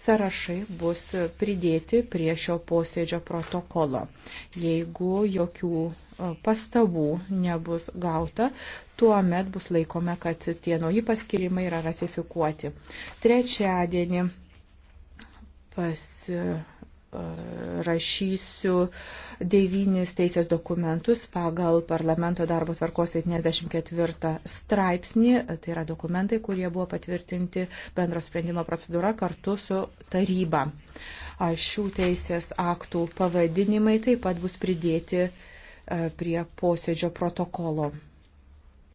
sąrašai bus pridėti prie šio posėdžio protokolo. Jeigu jokių e, pastabų nebus gauta, tuo met bus laikome, kad tie nauji paskirimai yra ratifikuoti. Trečiadienį pasi e, rašysiu devynis teisės dokumentus pagal parlamento darbo tvarkos 74 straipsnį. Tai yra dokumentai, kurie buvo patvirtinti bendro sprendimo procedūra kartu su taryba. Šių teisės aktų pavadinimai taip pat bus pridėti e, prie posėdžio protokolo.